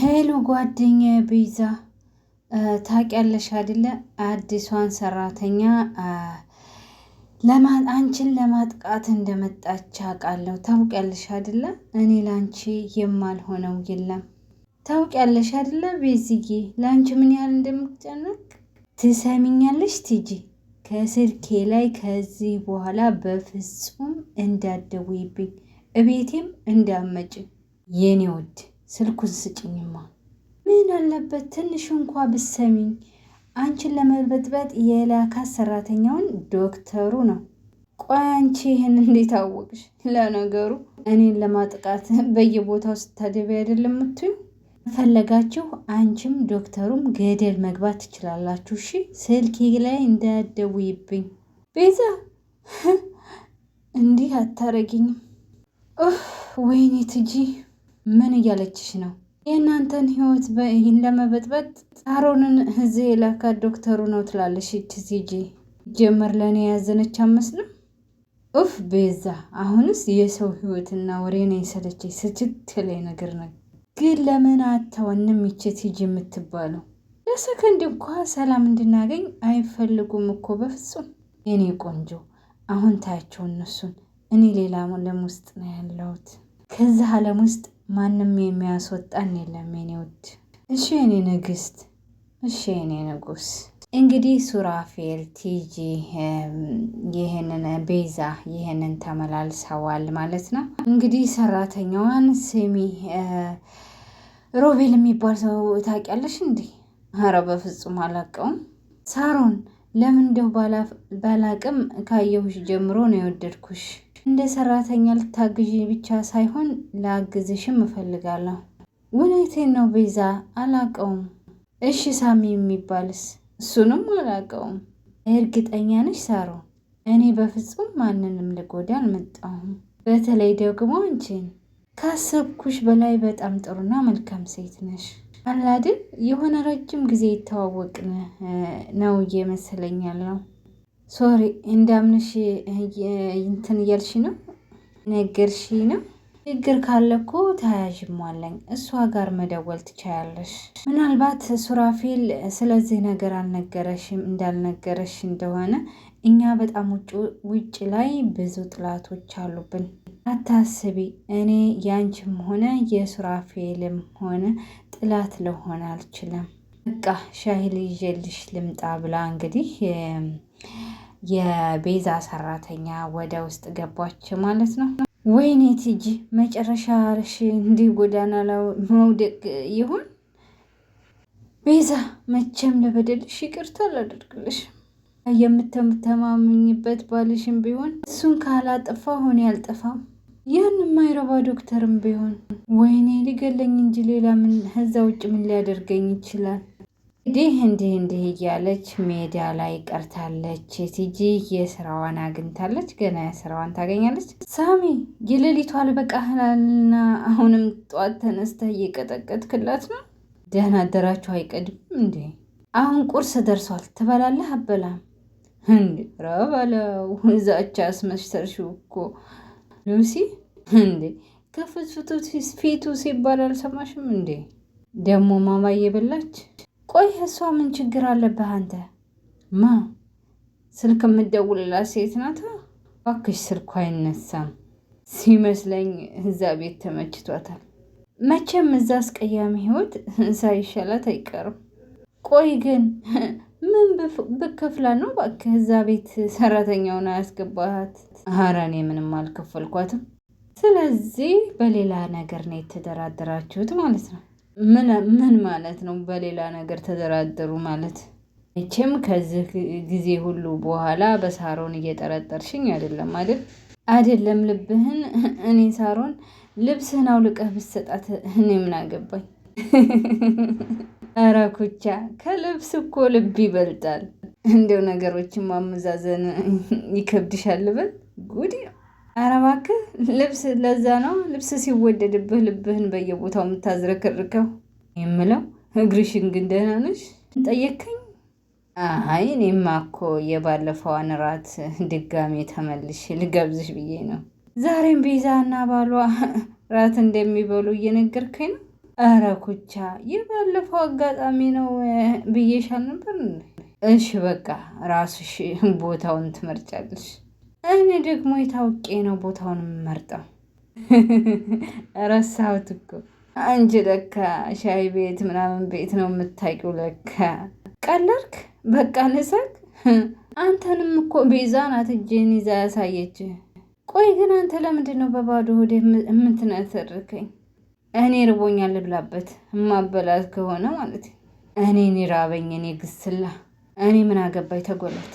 ሄሎ ጓደኛ ቤዛ ታውቂያለሽ አይደለ? አዲሷን ሰራተኛ አንቺን ለማጥቃት እንደመጣች አውቃለሁ። ታውቂያለሽ አይደለ? እኔ ለአንቺ የማልሆነው የለም። ታውቂያለሽ አይደለ? ቤዝዬ ለአንቺ ምን ያህል እንደምትጨነቅ ትሰሚኛለሽ። ቲጂ ከስልኬ ላይ ከዚህ በኋላ በፍጹም እንዳትደውይብኝ፣ እቤቴም እንዳመጭ የኔ ውድ ስልኩን ስጭኝማ። ምን አለበት ትንሽ እንኳ ብሰሚኝ። አንቺን ለመበጥበጥ የላካት ሰራተኛውን ዶክተሩ ነው። ቆይ አንቺ ይህን እንዴት አወቅሽ? ለነገሩ እኔን ለማጥቃት በየቦታው ስታደቢ አይደለም የምትዩ ፈለጋችሁ አንቺም ዶክተሩም ገደል መግባት ትችላላችሁ። እሺ ስልኬ ላይ እንዳደውይብኝ ቤዛ። እንዲህ አታረጊኝም። ወይኔ ትጂ ምን እያለችሽ ነው? የእናንተን ህይወት ለመበጥበጥ አሮንን እዚህ የላካት ዶክተሩ ነው ትላለሽ። እች ሲጂ ጀመር ለእኔ ያዘነች አመስልም ኡፍ ቤዛ፣ አሁንስ የሰው ህይወትና ወሬ ነው የሰለቸኝ። ስችት ነገር ነው ግን ለምን አታወንም? ይች ሲጂ የምትባለው ለሰከንድ እንኳ ሰላም እንድናገኝ አይፈልጉም እኮ በፍጹም። የኔ ቆንጆ አሁን ታያቸው እነሱን። እኔ ሌላ ዓለም ውስጥ ነው ያለሁት። ከዚህ ዓለም ውስጥ ማንም የሚያስወጣን የለም የኔ ውድ። እሺ የኔ ንግስት፣ እሺ የኔ ንጉስ። እንግዲህ ሱራፌል ቲጂ ይህንን ቤዛ ይህንን ተመላልሰዋል ማለት ነው። እንግዲህ ሰራተኛዋን ስሚ ሮቤል የሚባል ሰው ታውቂያለሽ እንዴ? ኧረ በፍጹም አላውቀውም። ሳሮን ለምን እንደው ባላቅም ካየሁሽ ጀምሮ ነው የወደድኩሽ እንደ ሰራተኛ ልታግዥ ብቻ ሳይሆን ላግዝሽም እፈልጋለሁ። ውነቴን ነው ቤዛ፣ አላቀውም። እሺ ሳሚ የሚባልስ? እሱንም አላቀውም። እርግጠኛ ነሽ ሳሮ? እኔ በፍጹም ማንንም ልጎዳ አልመጣሁም፣ በተለይ ደግሞ አንቺን። ካሰብኩሽ በላይ በጣም ጥሩና መልካም ሴት ነሽ። አላድል የሆነ ረጅም ጊዜ የተዋወቅን ነው እየመሰለኝ ያለው ሶሪ እንዳምንሽ እንትን እያልሽ ነው ነገርሽ ነው። ችግር ካለ እኮ ተያዥም አለኝ እሷ ጋር መደወል ትቻያለሽ። ምናልባት ሱራፌል ስለዚህ ነገር አልነገረሽም እንዳልነገረሽ እንደሆነ እኛ በጣም ውጭ ላይ ብዙ ጥላቶች አሉብን። አታስቢ፣ እኔ ያንቺም ሆነ የሱራፌልም ሆነ ጥላት ለሆነ አልችልም። በቃ ሻሂል ይዤልሽ ልምጣ ብላ እንግዲህ የቤዛ ሰራተኛ ወደ ውስጥ ገባች ማለት ነው። ወይኔ መጨረሻ ርሽ እንዲህ ጎዳና ላይ መውደቅ ይሆን? ቤዛ መቼም ለበደልሽ ይቅርታ አላደርግልሽ። የምተማመኝበት ባልሽም ቢሆን እሱን ካላጠፋ ሆኔ አልጠፋም። ያን የማይረባ ዶክተርም ቢሆን ወይኔ ሊገለኝ እንጂ ሌላ ምን ከዛ ውጭ ምን ሊያደርገኝ ይችላል? እንዲህ እንዲህ እንዲህ እያለች ሜዳ ላይ ቀርታለች። ቲጂ የስራዋን አግኝታለች፣ ገና የስራዋን ታገኛለች። ሳሚ የሌሊቱ አልበቃህልና አሁንም ጠዋት ተነስተህ እየቀጠቀጥክላት ነው። ደህና አደራችሁ አይቀድም እንዴ? አሁን ቁርስ ደርሷል፣ ትበላለህ? አበላም እንዴ? ኧረ በለው ዛቻ አስመሰርሽው እኮ ሉሲ እንዴ! ከፍትፍቱ ፊቱ ሲባል አልሰማሽም እንዴ? ደግሞ ማማ እየበላች ቆይ እሷ ምን ችግር አለብህ አንተ? ማ ስልክ ላ ሴት ናት? እባክሽ ስልኳ አይነሳም ሲመስለኝ እዛ ቤት ተመችቷታል። መቼም እዛ አስቀያሚ ህይወት ሳይሻላት አይቀርም። ቆይ ግን ምን ብከፍላ ነው እባክህ እዛ ቤት ሰራተኛውን አያስገባት? ኧረ እኔ ምንም አልከፈልኳትም። ስለዚህ በሌላ ነገር ነው የተደራደራችሁት ማለት ነው። ምን ማለት ነው? በሌላ ነገር ተደራደሩ ማለት መቼም ከዚህ ጊዜ ሁሉ በኋላ በሳሮን እየጠረጠርሽኝ አይደለም አይደል? አይደለም ልብህን እኔ ሳሮን ልብስህን አውልቀህ ብትሰጣት እኔ ምን አገባኝ? ኧረ ኩቻ ከልብስ እኮ ልብ ይበልጣል። እንደው ነገሮችን ማመዛዘን ይከብድሻል ልበል ጉዲ ኧረ እባክህ ልብስ ለዛ ነው ልብስ ሲወደድብህ ልብህን በየቦታው የምታዝረከርከው የምለው እግርሽን ግን ደህና ነሽ አይ እኔማ እኮ የባለፈዋን እራት ድጋሜ ተመልሽ ልጋብዝሽ ብዬ ነው ዛሬም እና ባሏ ራት እንደሚበሉ እየነገርከኝ ነው ኧረ ኩቻ የባለፈው አጋጣሚ ነው ብዬሻል ነበር እሺ በቃ ራስሽ ቦታውን ትመርጫለሽ እኔ ደግሞ የታውቄ ነው ቦታውን የምመርጠው። ረሳሁት እኮ እንጂ ለካ ሻይ ቤት ምናምን ቤት ነው የምታውቂው ለካ። ቀለርክ በቃ ልሳቅ። አንተንም እኮ ቤዛ ናት እጅህን ይዛ ያሳየች። ቆይ ግን አንተ ለምንድን ነው በባዶ ሆዴ የምትነትርከኝ? እኔ ርቦኛል ልብላበት እማበላት ከሆነ ማለት እኔ ራበኝ። እኔ ግስላ እኔ ምን አገባኝ ተጎላት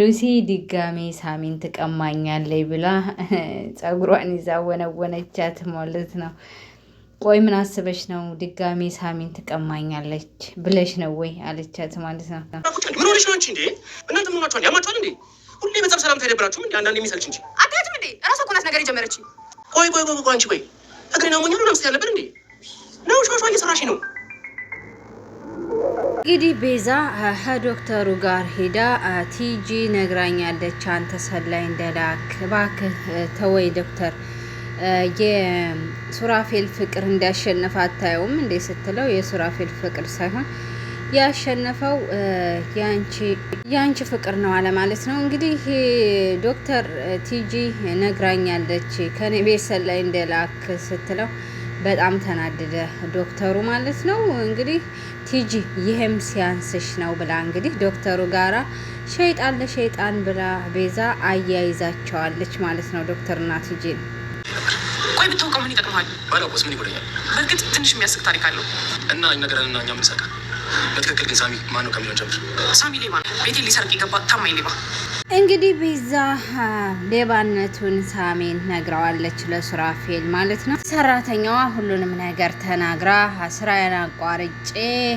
ሉሲ ድጋሜ ሳሚን ትቀማኛለይ ብላ ጸጉሯን ይዛ ወነወነቻት ማለት ነው። ቆይ ምን አስበሽ ነው ድጋሜ ሳሚን ትቀማኛለች ብለሽ ነው ወይ አለቻት ማለት ነው። ምን ሆነሽ ነው እንዴ? እናንተ ምን ሆናችኋል? ያማችኋል እንዴ? ሁሌ በጸብ ሰላም ታይደብራችሁ እንዴ? አንዳንድ የሚሰልች እንጂ አዳትም እንዴ ራሷ እኮ ናት ነገር የጀመረች። ቆይ ቆይ ቆይ ቆይ አንቺ ቆይ እግሬ ነው ሞኝ ነው ለምስ ያለብን እንዴ ነው ሸሸ እየሰራሽ ነው እንግዲህ ቤዛ ከዶክተሩ ጋር ሄዳ ቲጂ ነግራኛለች፣ አንተ ሰላይ እንደላክ እባክህ ተወይ ዶክተር የሱራፌል ፍቅር እንዳሸነፈ አታየውም እንዴ ስትለው የሱራፌል ፍቅር ሳይሆን ያሸነፈው ያንቺ ፍቅር ነው አለ ማለት ነው። እንግዲህ ዶክተር ቲጂ ነግራኛለች ከኔ ቤት ሰላይ እንደላክ ስትለው በጣም ተናደደ ዶክተሩ ማለት ነው። እንግዲህ ቲጂ ይህም ሲያንስሽ ነው ብላ እንግዲህ ዶክተሩ ጋራ ሸይጣን ለሸይጣን ብላ ቤዛ አያይዛቸዋለች ማለት ነው። ዶክተርና ቲጂ ቆይ ብታውቀው ምን ይጠቅመሃል? ባላውቀውስ ምን ይጎዳኛል? በእርግጥ ትንሽ የሚያስቅ ታሪክ አለው እና እኛ ገረንና እኛ ምንሰቃል በትክክል ግን ሳሚ ማን ነው ከሚለው ጀምር። ሳሚ ሌባ ነው፣ ቤቴ ሊሰርቅ የገባ ታማኝ ሌባ። እንግዲህ ቤዛ ሌባነቱን ሳሜን ነግረዋለች፣ ለሱራፌል ማለት ነው። ሰራተኛዋ ሁሉንም ነገር ተናግራ ስራዬን አቋርጬ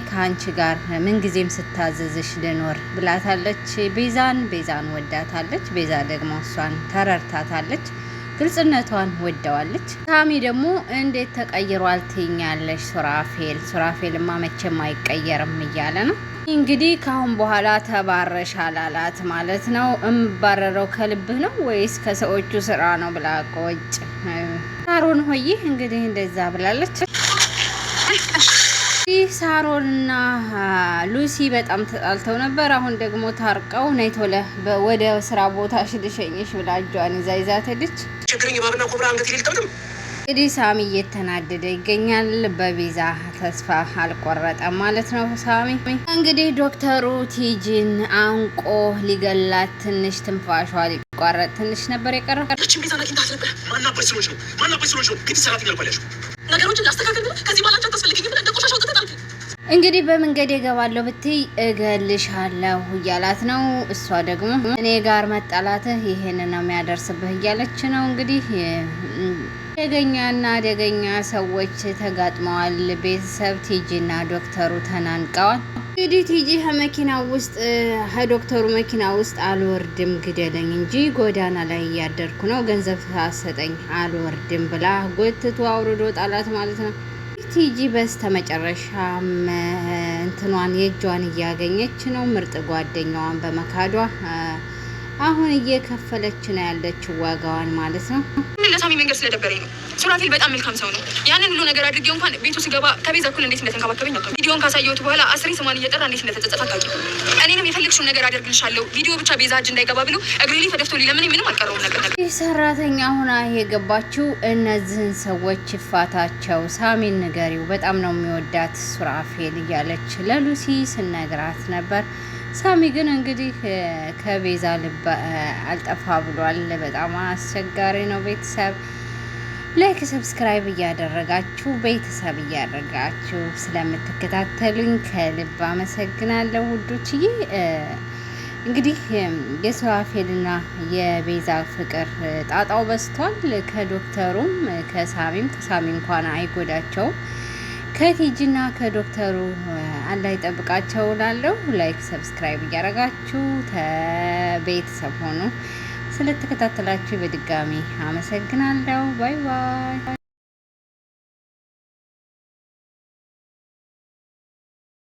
ከአንቺ ጋር ምንጊዜም ስታዘዝሽ ልኖር ብላታለች። ቤዛን ቤዛን ወዳታለች። ቤዛ ደግሞ እሷን ተረድታታለች። ግልጽነቷን ወደዋለች። ታሚ ደግሞ እንዴት ተቀይሯል ትኛለች ሱራፌል ሱራፌልማ መቼም አይቀየርም እያለ ነው። እንግዲህ ካሁን በኋላ ተባረሽ አላላት ማለት ነው። እምባረረው ከልብህ ነው ወይስ ከሰዎቹ ስራ ነው ብላ ቆጭ ሳሮን ሆይ እንግዲህ እንደዛ ብላለች። ይህ ሳሮንና ሉሲ በጣም ተጣልተው ነበር። አሁን ደግሞ ታርቀው ናይቶለ ወደ ስራ ቦታ ሽልሸኝሽ ብላ እጇን ይዛ ይዛ ችግረኝ ባብና ኮብራ አንገት ይልጠምጥም እንግዲህ ሳሚ እየተናደደ ይገኛል። በቪዛ ተስፋ አልቆረጠም ማለት ነው። ሳሚ እንግዲህ ዶክተሩ ቲጂን አንቆ ሊገላት ትንሽ ትንፋሿ ሊቋረጥ ትንሽ ነበር የቀረ ነገሮችን ከዚህ እንግዲህ በመንገድ እገባለሁ ብትይ እገልሻለሁ እያላት ነው። እሷ ደግሞ እኔ ጋር መጣላትህ ይሄን ነው የሚያደርስብህ እያለች ነው። እንግዲህ አደገኛና አደገኛ ሰዎች ተጋጥመዋል። ቤተሰብ ቲጂና ዶክተሩ ተናንቀዋል። እንግዲህ ቲጂ ከመኪና ውስጥ ከዶክተሩ መኪና ውስጥ አልወርድም ግደለኝ እንጂ ጎዳና ላይ እያደርኩ ነው ገንዘብ ሳሰጠኝ አልወርድም ብላ ጎትቶ አውርዶ ጣላት ማለት ነው። ቲጂ በስተመጨረሻም እንትኗን የእጇን እያገኘች ነው። ምርጥ ጓደኛዋን በመካዷ አሁን እየከፈለች ነው ያለችው ዋጋዋን ማለት ነው። በሳሚ መንገድ ስለደበረኝ ነው። ሱራፊል በጣም መልካም ሰው ነው። ያንን ሁሉ ነገር አድርጌው እንኳን ቤቱ ስገባ ከቤዛ እኩል እንዴት እንደተንከባከበኝ ነበር። ቪዲዮን ካሳየሁት በኋላ አስሬ ስሟን እየጠራ እንዴት እንደተጸጸተ ታውቂ። እኔንም የፈለግሽውን ነገር አደርግልሻለሁ፣ ቪዲዮ ብቻ ቤዛ እጅ እንዳይገባ ብሎ እግሬ ላይ ተደፍቶ ሊለምን ምንም አልቀረውም ነበር። ይህ ሰራተኛ ሁና የገባችው እነዚህን ሰዎች ይፋታቸው፣ ሳሚን ንገሪው፣ በጣም ነው የሚወዳት ሱራፌል እያለች ለሉሲ ስነግራት ነበር። ሳሚ ግን እንግዲህ ከቤዛ ልብ አልጠፋ ብሏል። በጣም አስቸጋሪ ነው። ቤተሰብ ላይክ፣ ሰብስክራይብ እያደረጋችሁ ቤተሰብ እያደረጋችሁ ስለምትከታተሉኝ ከልብ አመሰግናለሁ ውዶችዬ። እንግዲህ የሱራፌልና የቤዛ ፍቅር ጣጣው በስቷል ከዶክተሩም ከሳሚም ከሳሚ እንኳን አይጎዳቸውም ከቲጂና ከዶክተሩ አላህ ይጠብቃቸው ላለው ላይክ ሰብስክራይብ እያደረጋችሁ ቤተሰብ ሆኑ። ስለተከታተላችሁ በድጋሚ አመሰግናለሁ። ባይ ባይ።